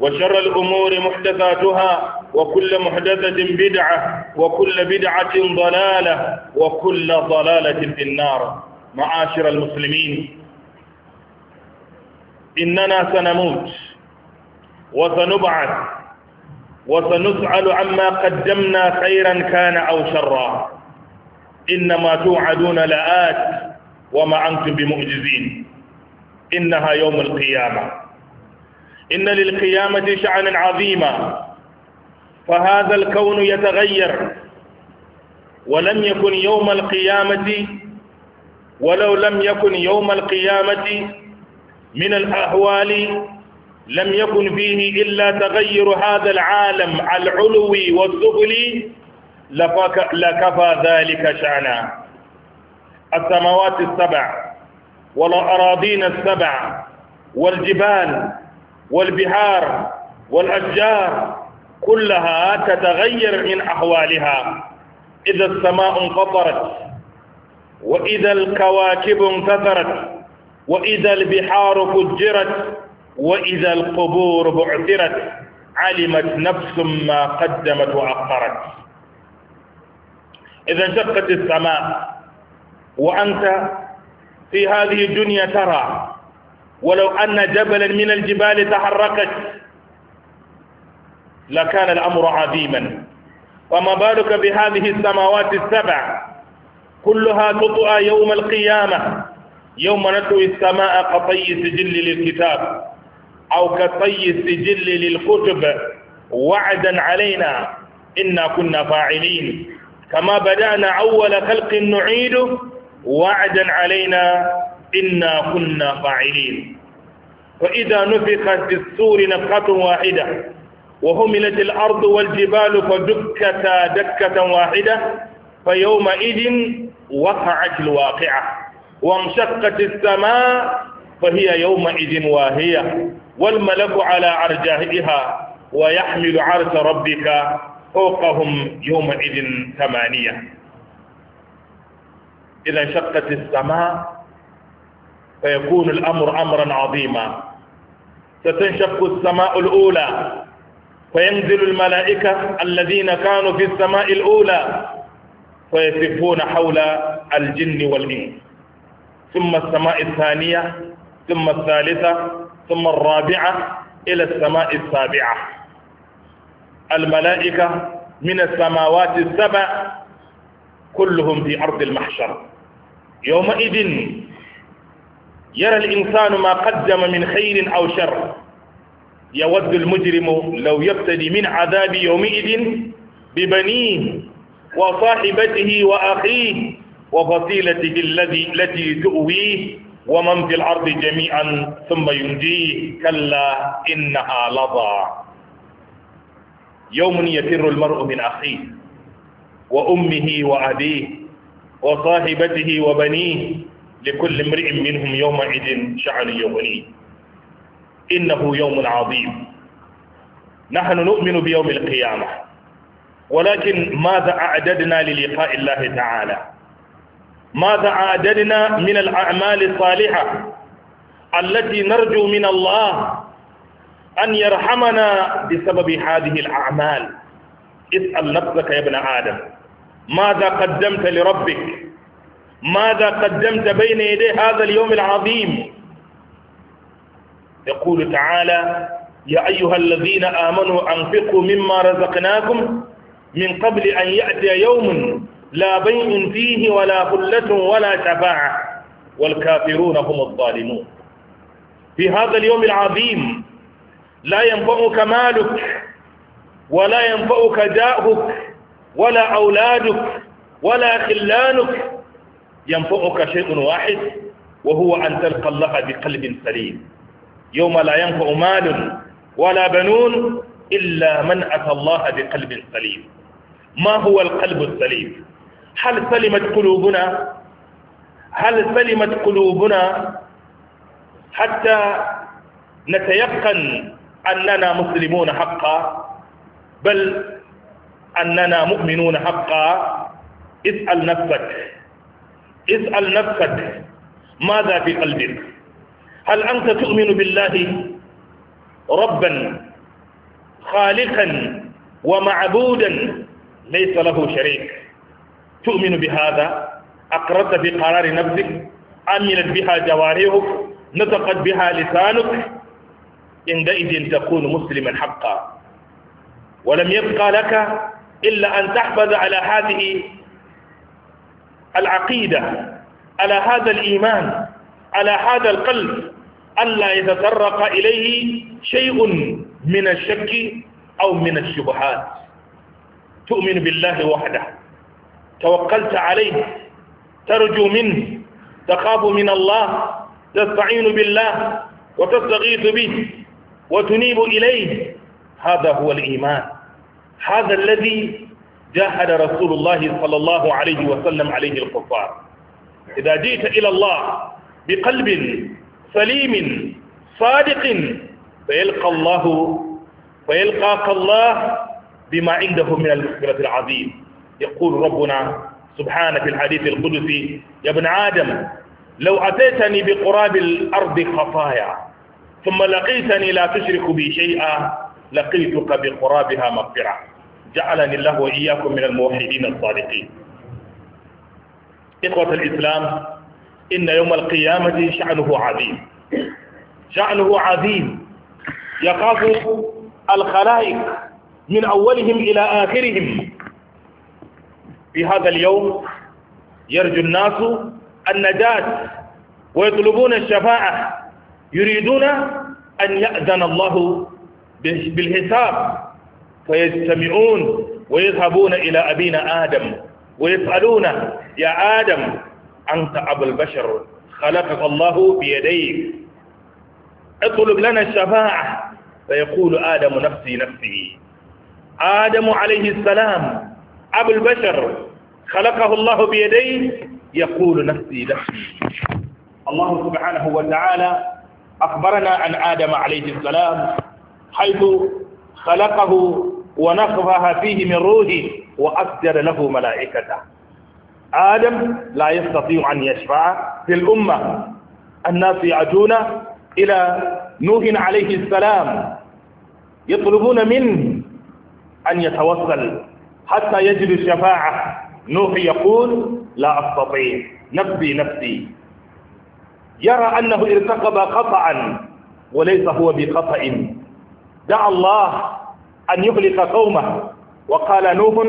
وشر الأمور محدثاتها وكل محدثة بدعة وكل بدعة ضلالة وكل ضلالة في النار معاشر المسلمين إننا سنموت وسنبعث وسنسأل عما قدمنا خيرا كان أو شرا إنما توعدون لآت وما أنتم بمعجزين إنها يوم القيامة إن للقيامة شعنا عظيما فهذا الكون يتغير ولم يكن يوم القيامة ولو لم يكن يوم القيامة من الأهوال لم يكن فيه إلا تغير هذا العالم العلوي والزبل لكفى ذلك شأنا السماوات السبع والأراضين السبع والجبال والبحار والأشجار كلها تتغير من أحوالها إذا السماء انفطرت وإذا الكواكب انفطرت وإذا البحار فجرت وإذا القبور بعثرت علمت نفس ما قدمت وأخرت إذا انشقت السماء وأنت في هذه الدنيا ترى ولو أن جبلا من الجبال تحركت لكان الأمر عظيما وما بالك بهذه السماوات السبع كلها تطأ يوم القيامة يوم نطوي السماء كطي سجل للكتاب أو كطي السجل للكتب وعدا علينا إنا كنا فاعلين كما بدأنا أول خلق نعيده وعدا علينا إنا كنا فاعلين وإذا نفخت في السور نفخة واحدة وهملت الأرض والجبال فدكتا دكة واحدة فيومئذ وقعت الواقعة وانشقت السماء فهي يومئذ واهية والملك على أرجائها ويحمل عرش ربك فوقهم يومئذ ثمانية إذا انشقت السماء فيكون الأمر أمرا عظيما ستنشق السماء الأولى فينزل الملائكة الذين كانوا في السماء الأولى فيسفون حول الجن والإنس ثم السماء الثانية ثم الثالثة ثم الرابعة إلى السماء السابعة الملائكة من السماوات السبع كلهم في أرض المحشر يومئذ يرى الإنسان ما قدم من خير أو شر يود المجرم لو يبتدي من عذاب يومئذ ببنيه وصاحبته وأخيه وفصيلته الذي التي تؤويه ومن في الأرض جميعا ثم ينجيه كلا إنها لظى يوم يفر المرء من أخيه وأمه وأبيه وصاحبته وبنيه لكل امرئ منهم يومئذ شعر يغني إنه يوم عظيم نحن نؤمن بيوم القيامة ولكن ماذا أعددنا للقاء الله تعالى ماذا أعددنا من الأعمال الصالحة التي نرجو من الله أن يرحمنا بسبب هذه الأعمال اسأل نفسك يا ابن آدم ماذا قدمت لربك ماذا قدمت بين يدي هذا اليوم العظيم يقول تعالى يا أيها الذين آمنوا أنفقوا مما رزقناكم من قبل أن يأتي يوم لا بيع فيه ولا خلة ولا شفاعة والكافرون هم الظالمون في هذا اليوم العظيم لا ينفعك مالك ولا ينفعك جاهك ولا أولادك ولا خلانك ينفعك شيء واحد وهو أن تلقى الله بقلب سليم يوم لا ينفع مال ولا بنون إلا من أتى الله بقلب سليم ما هو القلب السليم هل سلمت قلوبنا هل سلمت قلوبنا حتى نتيقن أننا مسلمون حقا بل أننا مؤمنون حقا اسأل نفسك اسأل نفسك ماذا في قلبك هل أنت تؤمن بالله ربا خالقا ومعبودا ليس له شريك تؤمن بهذا أقرت بقرار نفسك أمنت بها جوارحك نطقت بها لسانك عندئذ تكون مسلما حقا ولم يبقى لك إلا أن تحفظ على هذه العقيدة على هذا الإيمان على هذا القلب ألا يتطرق إليه شيء من الشك أو من الشبهات تؤمن بالله وحده توكلت عليه ترجو منه تخاف من الله تستعين بالله وتستغيث به وتنيب إليه هذا هو الإيمان هذا الذي جاهد رسول الله صلى الله عليه وسلم عليه الكفار إذا جئت إلى الله بقلب سليم صادق فيلقى الله فيلقاك الله بما عنده من المغفرة العظيم يقول ربنا سبحانه في الحديث القدسي يا ابن آدم لو أتيتني بقراب الأرض خطايا ثم لقيتني لا تشرك بي شيئا لقيتك بقرابها مغفرة جعلني الله وإياكم من الموحدين الصادقين إخوة الإسلام إن يوم القيامة شأنه عظيم شأنه عظيم يخاف الخلائق من أولهم إلى آخرهم في هذا اليوم يرجو الناس النجاة ويطلبون الشفاعة يريدون أن يأذن الله بالحساب فيجتمعون ويذهبون إلى أبينا آدم ويسألون يا آدم أنت أبو البشر خلقك الله بيديك اطلب لنا الشفاعة فيقول آدم نفسي نفسي آدم عليه السلام أبو البشر خلقه الله بيديه يقول نفسي نفسي الله سبحانه وتعالى أخبرنا عن آدم عليه السلام حيث خلقه ونخفها فيه من روحي وأسجد له ملائكته آدم لا يستطيع أن يشفع في الأمة الناس يأتون إلى نوح عليه السلام يطلبون منه أن يتوصل حتى يجد الشفاعة نوح يقول لا أستطيع نفسي نفسي يرى أنه ارتكب خطأ وليس هو بخطأ دعا الله أن يغلق قومه وقال نوح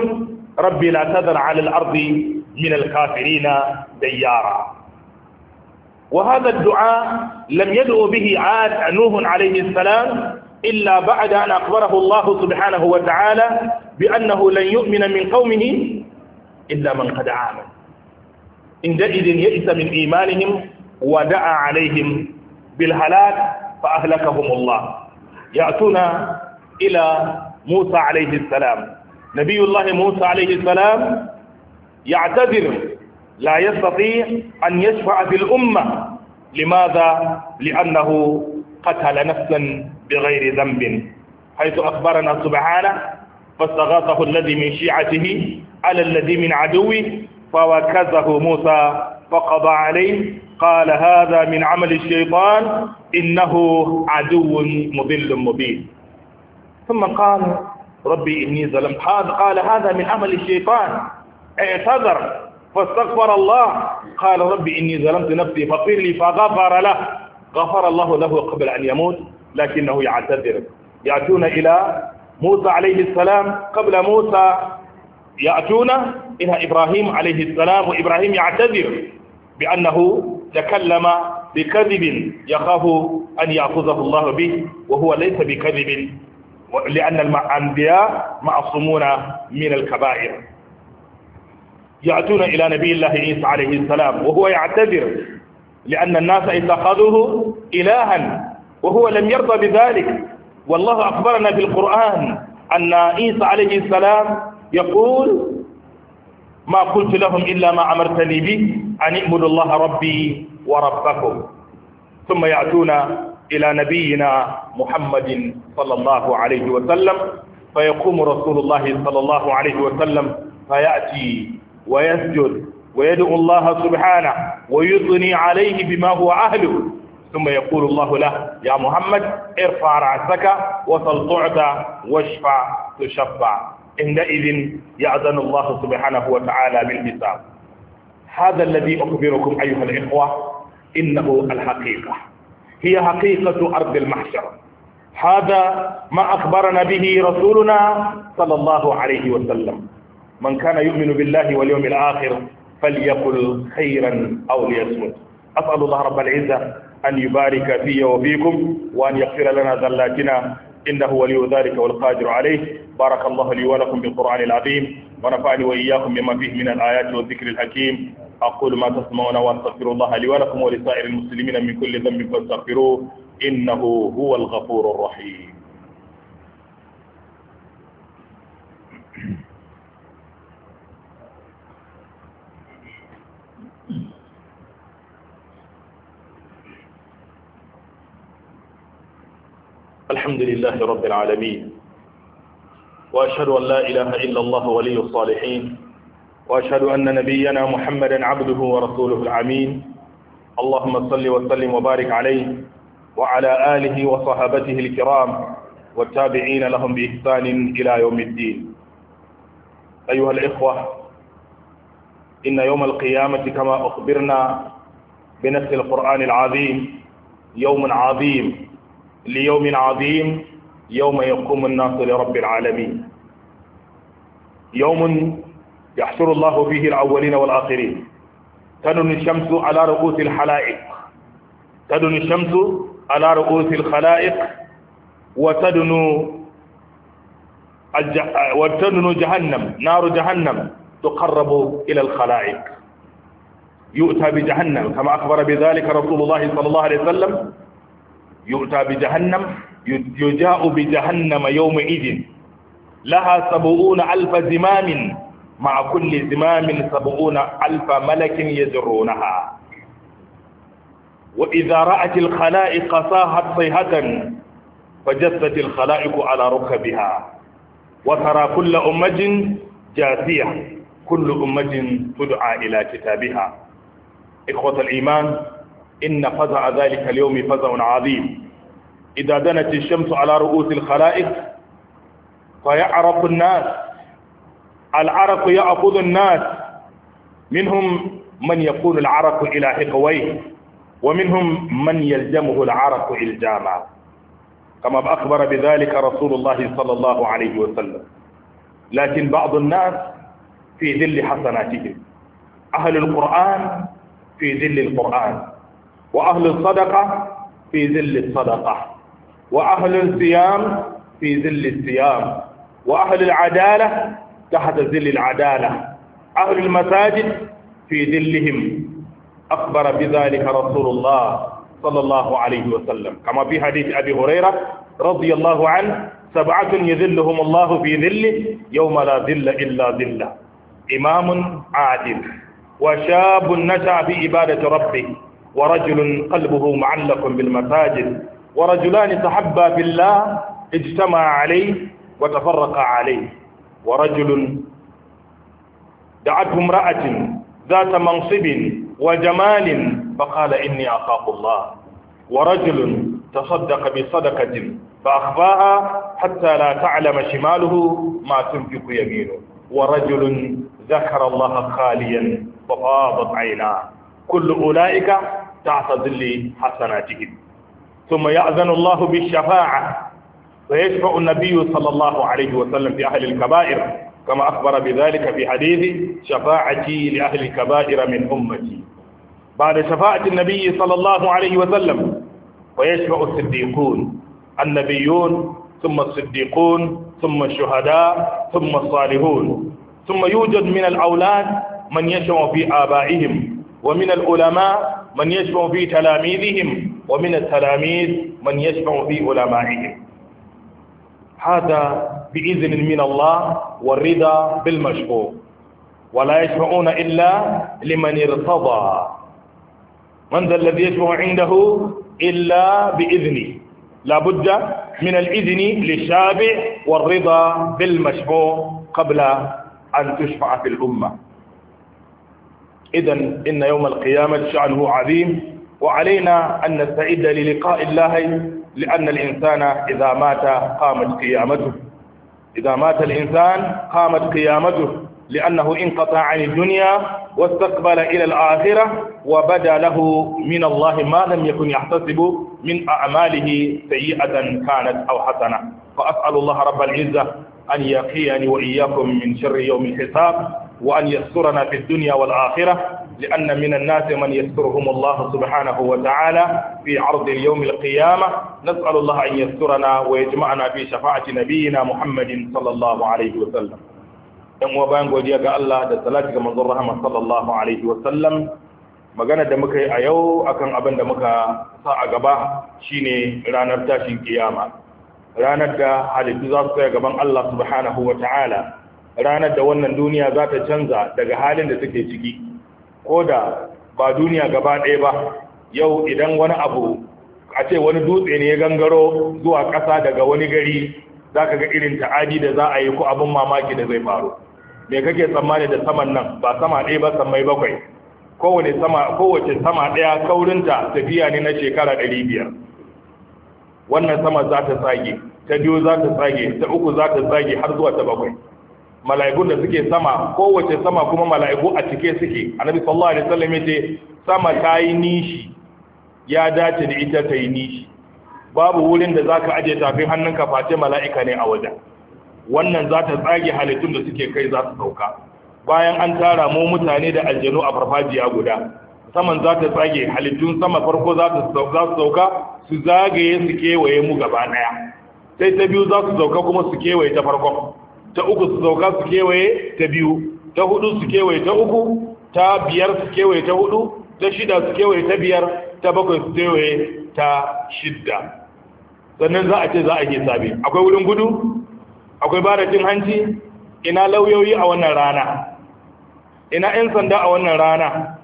ربي لا تذر على الأرض من الكافرين ديارا وهذا الدعاء لم يدعو به عاد نوح عليه السلام إلا بعد أن أخبره الله سبحانه وتعالى بأنه لن يؤمن من قومه إلا من قد آمن عندئذ يئس من إيمانهم ودعا عليهم بالهلاك فأهلكهم الله يأتون إلى موسى عليه السلام نبي الله موسى عليه السلام يعتذر لا يستطيع أن يشفع في الأمة لماذا؟ لأنه قتل نفسا بغير ذنب حيث أخبرنا سبحانه فاستغاثه الذي من شيعته على الذي من عدوه فوكزه موسى فقضى عليه قال هذا من عمل الشيطان إنه عدو مضل مبين ثم قال ربي إني ظلمت هذا قال هذا من عمل الشيطان اعتذر فاستغفر الله قال ربي إني ظلمت نفسي فاغفر لي فغفر له غفر الله له قبل أن يموت لكنه يعتذر يأتون إلى موسى عليه السلام قبل موسى يأتون إلى إبراهيم عليه السلام وإبراهيم يعتذر بأنه تكلم بكذب يخاف أن يأخذه الله به وهو ليس بكذب لأن الأنبياء معصومون من الكبائر يأتون إلى نبي الله عيسى عليه السلام وهو يعتذر لأن الناس اتخذوه إلها وهو لم يرضى بذلك والله أخبرنا في القرآن أن عيسى عليه السلام يقول ما قلت لهم إلا ما أمرتني به أن اعبدوا الله ربي وربكم ثم يأتون إلى نبينا محمد صلى الله عليه وسلم فيقوم رسول الله صلى الله عليه وسلم فيأتي ويسجد ويدعو الله سبحانه ويثني عليه بما هو أهله ثم يقول الله له يا محمد ارفع رأسك وصل تعطى واشفع تشفع عندئذ يأذن الله سبحانه وتعالى بالحساب هذا الذي أخبركم أيها الإخوة إنه الحقيقة هي حقيقة أرض المحشر هذا ما أخبرنا به رسولنا صلى الله عليه وسلم من كان يؤمن بالله واليوم الآخر فليقل خيرا أو ليصمت أسأل الله رب العزة أن يبارك في وفيكم وأن يغفر لنا ذلاتنا إنه ولي ذلك والقادر عليه بارك الله لي ولكم بالقرآن العظيم ونفعني وإياكم بما فيه من الآيات والذكر الحكيم أقول ما تسمعون وأستغفر الله لي ولكم ولسائر المسلمين من كل ذنب فاستغفروه إنه هو الغفور الرحيم الحمد لله رب العالمين وأشهد أن لا إله إلا الله ولي الصالحين وأشهد أن نبينا محمدا عبده ورسوله العمين اللهم صل وسلم وبارك عليه وعلى آله وصحابته الكرام والتابعين لهم بإحسان إلى يوم الدين أيها الإخوة إن يوم القيامة كما أخبرنا بنفس القرآن العظيم يوم عظيم ليوم عظيم يوم يقوم الناس لرب العالمين يوم يحشر الله فيه الأولين والآخرين تدن الشمس على رؤوس الحلائق تدن الشمس على رؤوس الخلائق وتدنو الج... وتدنو جهنم نار جهنم تقرب إلى الخلائق يؤتى بجهنم كما أخبر بذلك رسول الله صلى الله عليه وسلم يؤتى بجهنم يجاء بجهنم يومئذ لها سبعون ألف زمام مع كل زمام سبعون ألف ملك يجرونها وإذا رأت الخلائق صاحت صيحة فجثت الخلائق على ركبها وترى كل أمة جاثية كل أمة تدعى إلى كتابها إخوة الإيمان إن فزع ذلك اليوم فزع عظيم إذا دنت الشمس على رؤوس الخلائق فيعرف الناس العرق يأخذ الناس منهم من يكون العرق إلى حقويه ومنهم من يلجمه العرق إلجاما كما أخبر بذلك رسول الله صلى الله عليه وسلم لكن بعض الناس في ذل حسناتهم أهل القرآن في ذل القرآن وأهل الصدقة في ذل الصدقة وأهل الصيام في ذل الصيام وأهل العدالة تحت ظل العدالة أهل المساجد في ظلهم أخبر بذلك رسول الله صلى الله عليه وسلم كما في حديث أبي هريرة رضي الله عنه سبعة يذلهم الله في ذله يوم لا ذل إلا ذله إمام عادل وشاب نشأ في عبادة ربه ورجل قلبه معلق بالمساجد ورجلان تحبا في الله اجتمع عليه وتفرق عليه wa rajulun da'atu imra'atin ذات منصب وجمال فقال إني أخاف الله ورجل تصدق بصدقة فأخفاها حتى لا تعلم شماله ما تنفق يمينه ورجل ذكر الله خاليا ففاضت عيناه كل أولئك تحت ظل حسناتهم ثم يأذن الله بالشفاعة فيشفع النبي صلى الله عليه وسلم في أهل الكبائر كما أخبر بذلك في حديث شفاعتي لأهل الكبائر من أمتي بعد شفاعة النبي صلى الله عليه وسلم ويشفع الصديقون النبيون ثم الصديقون ثم الشهداء ثم الصالحون ثم يوجد من الأولاد من يشفع في آبائهم ومن العلماء من يشفع في تلاميذهم ومن التلاميذ من يشفع في علمائهم هذا بإذن من الله والرضا بالمشفوع ولا يشفعون إلا لمن ارتضى من ذا الذي يشفع عنده إلا بإذنه لا بد من الإذن للشافع والرضا بالمشفوع قبل أن تشفع في الأمة إذا إن يوم القيامة شأنه عظيم وعلينا أن نستعد للقاء الله لأن الإنسان إذا مات قامت قيامته إذا مات الإنسان قامت قيامته لأنه انقطع عن الدنيا واستقبل إلى الآخرة وبدا له من الله ما لم يكن يحتسب من أعماله سيئة كانت أو حسنة فأسأل الله رب العزة أن يقيني وإياكم من شر يوم الحساب وأن يسترنا في الدنيا والآخرة لأن من الناس من يسترهم الله سبحانه وتعالى في عرض اليوم القيامة نسأل الله أن يسترنا ويجمعنا في شفاعة نبينا محمد صلى الله عليه وسلم ɗan uwa bayan godiya ga Allah da salati ga manzon rahama sallallahu alaihi wa sallam magana da muka yi a yau akan abin da muka sa a gaba shine ranar tashin kiyama ranar da halittu za su tsaya gaban Allah subhanahu wa ta'ala ranar da wannan duniya za ta canza daga halin da suke ciki ko da ba duniya gaba ɗaya ba yau idan wani abu a ce wani dutse ne ya gangaro zuwa ƙasa daga wani gari za ka ga irin ta'adi da za a yi ko abin mamaki da zai faru me kake tsammani da saman nan ba sama ɗaya ba sammai bakwai kowace sama kowace sama ɗaya kaurinta tafiya ne na shekara ɗari biyar wannan sama za ta tsage ta biyu za ta tsage ta uku za ta tsage har zuwa ta bakwai mala'ikun da suke sama kowace sama kuma mala'iku a cike suke annabi sallallahu alaihi wasallam yace sama ta yi nishi ya dace da ita ta yi nishi babu wurin da zaka aje tafin hannunka face mala'ika ne a wajen wannan za ta tsage halittun da suke kai za su sauka bayan an tara mu mutane da aljanu a farfajiya guda saman za ta tsage halittun sama farko za su sauka su zagaye su kewaye mu gaba daya sai ta biyu za su sauka kuma su kewaye ta farkon ta uku su sauka su kewaye ta biyu ta hudu su kewaye ta uku ta biyar su kewaye ta hudu ta shida su kewaye ta biyar ta bakwai su kewaye ta shidda sannan za a ce za a yi sabi akwai wurin gudu akwai ba da cin hanci ina lauyoyi a wannan rana ina 'yan sanda a wannan rana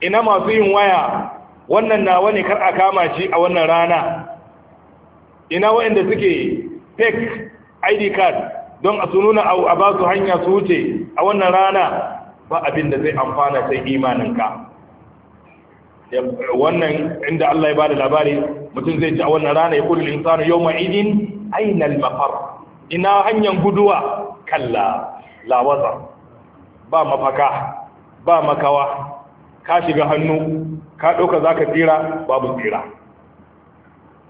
ina masu yin waya wannan na wani kar a kama shi a wannan rana ina waɗanda suke fake id card don a sununa a ba su hanya su wuce a wannan rana ba abin da zai amfana sai imaninka wannan inda Allah ya bada labari mutum zai ci a wannan rana ya kullu insanu yawma idin maidin? mafar ina hanyar guduwa kalla lawaza ba mafaka ba makawa ka shiga hannu ka ɗauka za ka tsira babu tsira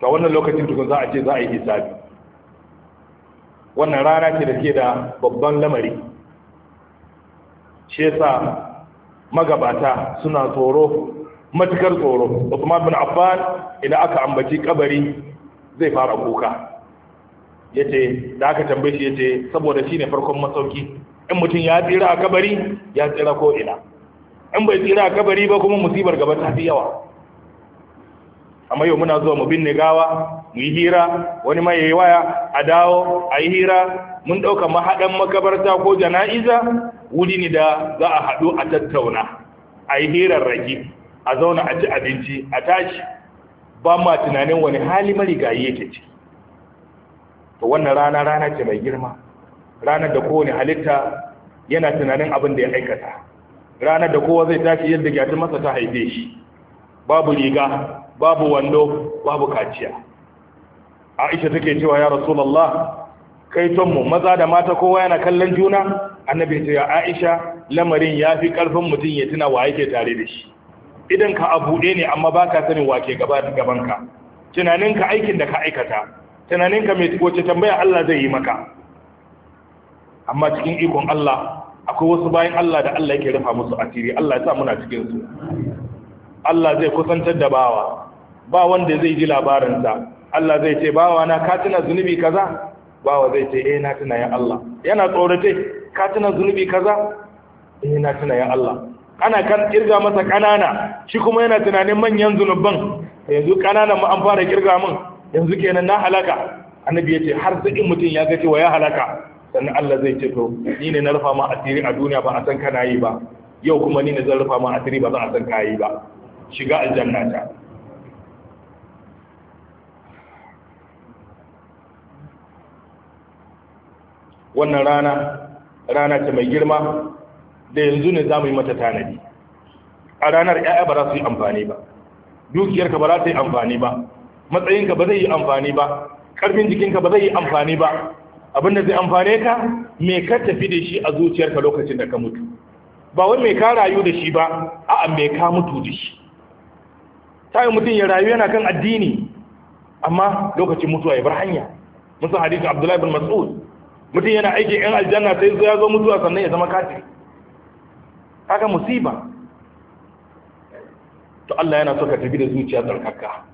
ta wannan lokacin tukun za a ce za a yi hisabi wannan rana ce da ke da babban lamari shi yasa magabata suna tsoro matukar tsoro Usman bin abban idan aka ambaci kabari zai fara kuka yace da aka tambaye shi yace saboda shine farkon masauki in mutum ya tsira a kabari ya tsira ko ina in bai tsira a kabari ba kuma musibar gaba ta fi yawa amma yau muna zuwa mu binne gawa mu yi hira wani mai yayi waya a dawo a yi hira mun ɗauka mahaɗan makabarta ko jana'iza wuri ne da za a haɗu a tattauna a yi hirarraki a zauna a ci abinci a tashi ba ma tunanin wani hali marigayi yake ci to wannan rana rana ce mai girma ranar da kowane halitta yana tunanin abin da ya aikata ranar da kowa zai tashi yadda gyatin masa ta haife shi babu riga babu wando babu kaciya aisha take cewa ya rasulullah mu maza da mata kowa yana kallon juna annabi ce ya aisha lamarin ya fi karfin mutum ya tuna wa yake tare da shi idan ka a ne amma ba ka sanin wa ke gabanka tunaninka aikin da ka aikata tunaninka mai wace tambaya Allah zai yi maka amma cikin ikon Allah akwai wasu bayan Allah da Allah yake rufa musu asiri Allah ya sa muna cikin su Allah zai kusantar da bawa ba wanda zai ji labarinsa Allah zai ce bawa na ka tuna zunubi kaza bawa zai ce eh na tuna ya Allah yana tsorate ka tuna zunubi kaza eh na tuna ya Allah ana kan kirga masa kanana shi kuma yana tunanin manyan zunuban yanzu kananan mu an fara kirga mun yanzu kenan na halaka annabi ce har sai mutum ya ga cewa ya halaka sannan Allah zai ce to ni ne na rufa ma asiri a duniya ba a san kana yi ba yau kuma ni ne zan rufa ma asiri ba za a san kayi ba shiga aljanna ta wannan rana rana ce mai girma da yanzu ne za mu yi mata tanadi a ranar ‘ya'ya ba za su yi amfani ba dukiyarka ba za ta yi amfani ba matsayinka ba zai yi amfani ba ƙarfin jikinka ba zai yi amfani ba abin da zai amfane ka me ka tafi da shi a zuciyarka lokacin da ka mutu ba wai mai ka rayu da shi ba a'a me ka mutu da shi ta yi mutum ya rayu yana kan addini amma lokacin mutuwa ya bar hanya musa hadisi abdullahi bin mas'ud mutum yana aikin yan aljanna sai zo ya zo mutuwa sannan ya zama kafin haka musiba to Allah yana so ka tafi da zuciya tsarkaka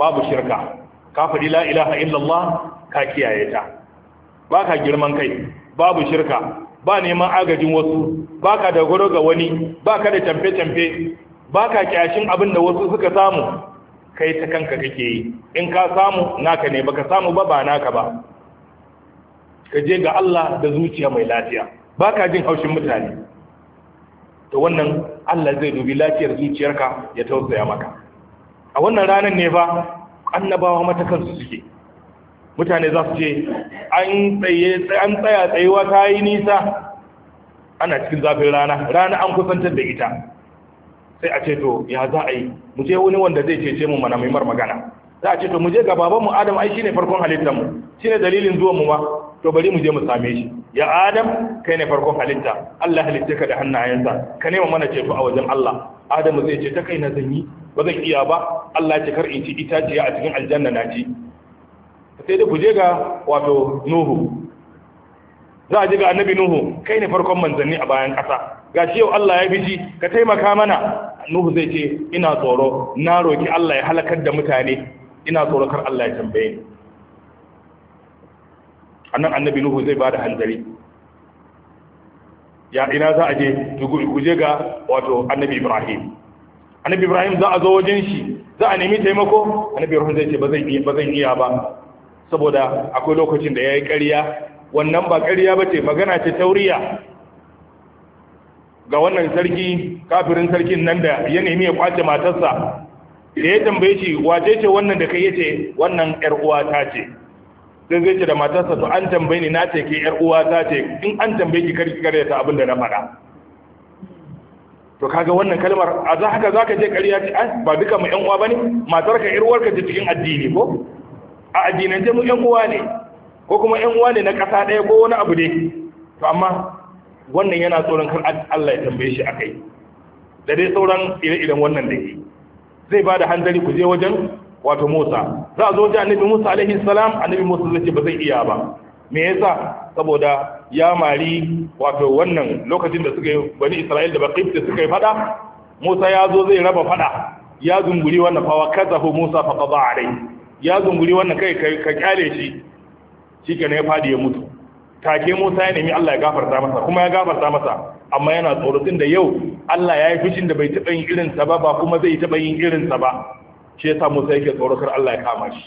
babu shirka ka faɗi la ilaha illallah ka kiyaye ta ba ka girman kai babu shirka ba neman agajin wasu ba ka dogaro ga wani ba ka da camfe-camfe ba ka kyashin abin da wasu suka samu kai ta kanka kake yi in ka samu naka ne baka samu ba ba naka ba ka je ga Allah da zuciya mai lafiya ba ka jin haushin mutane to wannan Allah zai dubi lafiyar zuciyarka ya tausaya maka a wannan ranar ne fa annabawa mata kansu suke mutane za su ce an tsaya tsayuwa ta yi nisa ana cikin zafin rana rana an kusantar da ita sai a ce to ya za a yi mu je wani wanda zai cece mu mana mai mar magana za a ce to mu je ga babanmu adam ai shine farkon halittar mu shine dalilin zuwan mu ma to bari mu je mu same shi ya adam kai ne farkon halitta Allah halitta ka da hannayensa ka nema mana ceto a wajen Allah adamu zai ce ta kai na zanyi ba zan iya ba Allah ya ce kar in ci itaciya a cikin aljanna na ci sai da ku je ga wato nuhu za a je ga annabi nuhu kai ne farkon manzanni a bayan kasa. ga shi yau Allah ya biji ka taimaka mana Nuhu zai ce ina tsoro na roki Allah ya halakar da mutane ina tsoron Allah ya tambaye ni annan annabi nuhu zai bada hanzari ya ina za a je kuje ga wato annabi ibrahim annabi ibrahim za a zo wajen shi za a nemi taimako annabi ibrahim zai ce ba zan iya ba saboda akwai lokacin da ya yi ƙarya wannan ba ƙarya bace magana ce tauriya ga wannan sarki kafirin sarkin nan da ya nemi ya kwace matarsa da ya tambaye shi wace ce wannan da kai yace wannan yar uwa ta ce sai zai ce da matarsa to an tambaye ni na ce ke yar uwa ta ce in an tambaye ki karki kare ta abin da na fara. to kaga wannan kalmar a za haka zaka je kariya ce ai ba duka mu yan uwa bane matar ka yar uwarka ce cikin addini ko a ce mu yan uwa ne ko kuma yan uwa ne na ƙasa ɗaya ko wani abu ne to amma wannan yana tsoron kar Allah ya tambaye shi akai da dai sauran ire-iren wannan da ke zai ba da hanzari ku je wajen wato Musa za a zo ji annabi Musa alaihi salam annabi Musa zai ce ba zai iya ba me yasa saboda ya mari wato wannan lokacin da suka yi bani Isra'il da baqif da suka yi fada Musa ya zo zai raba fada ya zunguri wannan fa wakazahu Musa fa qada alai ya zunguri wannan kai ka kyale shi shikenan ya fadi ya mutu kake Musa ya nemi Allah ya gafarta masa kuma ya gafarta masa amma yana tsoratin da yau Allah ya yi fushin da bai taɓa yin irinsa ba ba kuma zai taɓa yin irinsa ba shi yasa Musa yake kar Allah ya kama shi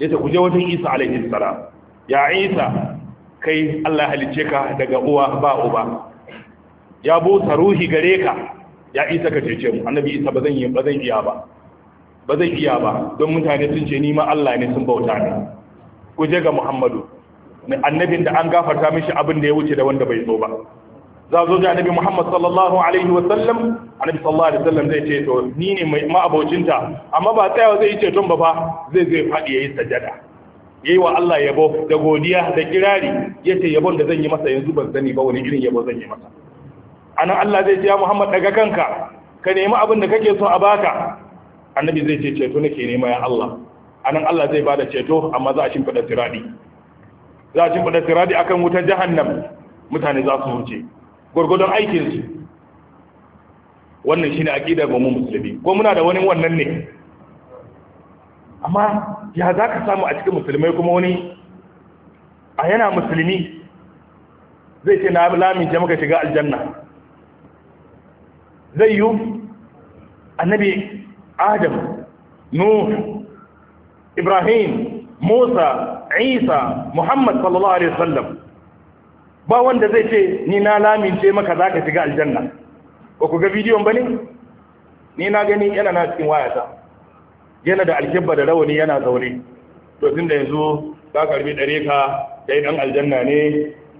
yace ku je wajen Isa alaihi salam ya Isa kai Allah halice ka daga uwa ba uba ya busa ruhi gare ka ya Isa ka cece mu annabi Isa ba zan yi ba zan iya ba ba zan iya ba don mutane sun ce ni ma Allah ne sun bauta ni. ku je ga Muhammadu annabin da an gafarta mishi abin da ya wuce da wanda bai zo ba za zo ga annabi Muhammad sallallahu alaihi wa sallam annabi sallallahu alaihi wa sallam zai ce to ni ne mai ma'abocinta amma ba tsayawa zai yi ceton ba fa zai zai fadi yayin sajada yayi wa Allah yabo da godiya da kirari yace yabon da zan yi masa yanzu ban sani ba wani irin yabo zan yi masa anan Allah zai ce ya Muhammad daga kanka ka nemi abin da kake so a baka annabi zai ce ceto nake nema ya Allah anan Allah zai bada ceto amma za a shimfida siradi za a shimfiɗa siradi akan wutar jahannam mutane za su wuce gwargwadon aikinsu wannan shi ne aƙidar ga mu musulmi ko muna da wani wannan ne amma ya za ka samu a cikin musulmai kuma wani a yana musulmi zai ce na lamince maka shiga aljanna zai yi annabi adam nuh ibrahim musa isa muhammad sallallahu alaihi wasallam ba wanda zai ce ni na lamince maka za ka shiga aljanna ba ku ga bidiyon ba ne ni na gani yana na cikin wayata yana da alkibba da rawani yana zaune to tun da yanzu ka karbi dare ka dai dan aljanna ne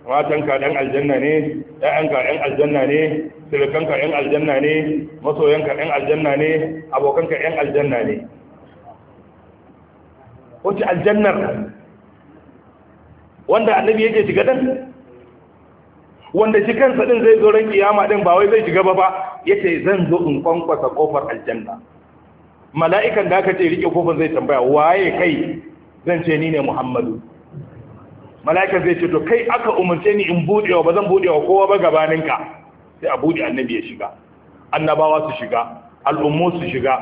matanka dan aljanna ne ka ɗan aljanna ne ka ɗan aljanna ne masoyanka ɗan aljanna ne abokanka ɗan aljanna ne wace aljannar wanda annabi yake shiga dan wanda shi kansa din zai zo ran kiyama din ba wai zai shiga ba ba yace zan zo in kwankwasa kofar aljanna mala'ikan da aka ce rike kofar zai tambaya waye kai zan ce ni ne muhammadu mala'ikan zai ce to kai aka umarce ni in budewa ba zan budewa kowa ba gabaninka sai a bude annabi ya shiga annabawa su shiga al'ummu su shiga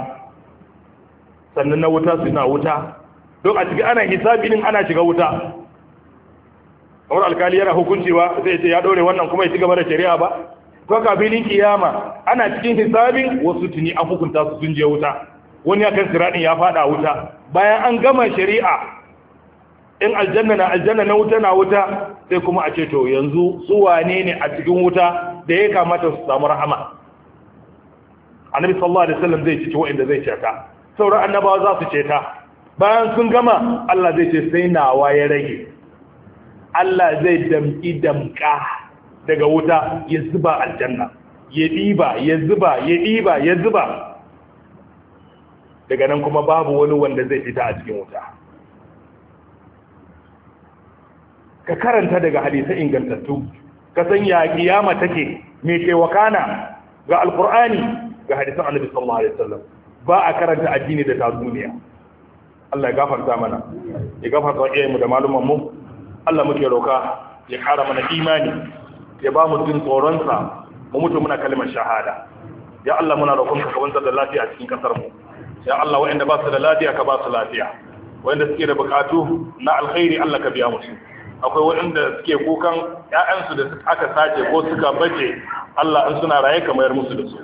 sannan na wuta suna wuta don a cikin ana hisabi din ana shiga wuta kamar alkali yana hukunci ba zai ce ya dore wannan kuma ya ci gaba da shari'a ba to kabilin kiyama ana cikin hisabin wasu tuni an hukunta su sun je wuta wani ya kan siradin ya fada wuta bayan an gama shari'a in aljanna na aljanna na wuta na wuta sai kuma a ce to yanzu su wane ne a cikin wuta da ya kamata su samu rahama annabi sallallahu alaihi wasallam zai cece wanda zai ceta sauran annabawa za su ceta bayan sun gama Allah zai ce sai nawa ya rage Allah zai damki damka daga wuta ya zuba aljanna ya ɗiba ya zuba ya ɗiba ya zuba daga nan kuma babu wani wanda zai fita a cikin wuta ka karanta daga hadisa ingantattu ka san ya kiyama take me ke wakana ga alkur'ani ga hadisan annabi sallallahu alaihi wasallam ba a karanta addini da tatsuniya Allah ya gafarta mana ya gafarta wa iyayenmu da malumanmu Allah muke roka ya kara mana imani ya ba mu jin tsoronsa mu mutu muna shahada ya Allah muna roƙon ka da lafiya a cikin kasar mu ya Allah ba su da lafiya ka ba su lafiya suke da bukatu na alkhairi Allah ka biya musu akwai waɗanda suke kukan ƴaƴansu da aka sace ko suka baje Allah in suna raye ka mayar musu da su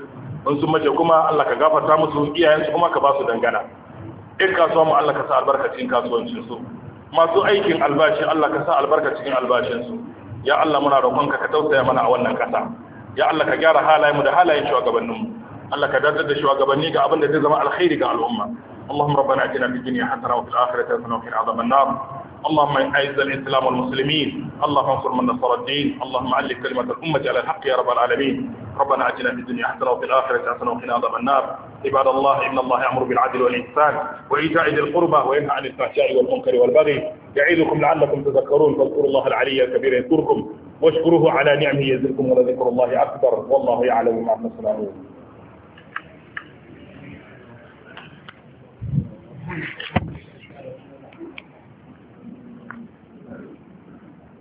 in sun mace kuma Allah ka gafarta musu iyayensu kuma ka ba su dangana duk kasuwa mu Allah ka sa albarkacin kasuwancin su masu aikin albashi Allah ka sa albarka cikin albashinsu ya Allah muna roƙonka ka tausaya mana a wannan ƙasa ya Allah ka gyara halayenmu da halayen shugabanninmu Allah ka dadar da shugabanni ga abin da zai zama alkhairi ga al'umma اللهم ربنا اتنا في الدنيا حسنه وفي الاخره حسنه وقنا عذاب النار اللهم أعز الإسلام والمسلمين اللهم انصر من نصر الدين اللهم علق كلمة الأمة على الحق يا رب العالمين ربنا أتنا في الدنيا حسنة وفي الآخرة حسنة وقنا عذاب النار عباد الله إن الله يأمر بالعدل والإحسان وإيتاء ذي القربى وينهى عن الفحشاء والمنكر والبغي يعيذكم لعلكم تذكرون فاذكروا الله العلي الكبير يذكركم واشكروه على نعمه يزدكم ولذكر الله أكبر والله يعلم ما تصنعون Thank you.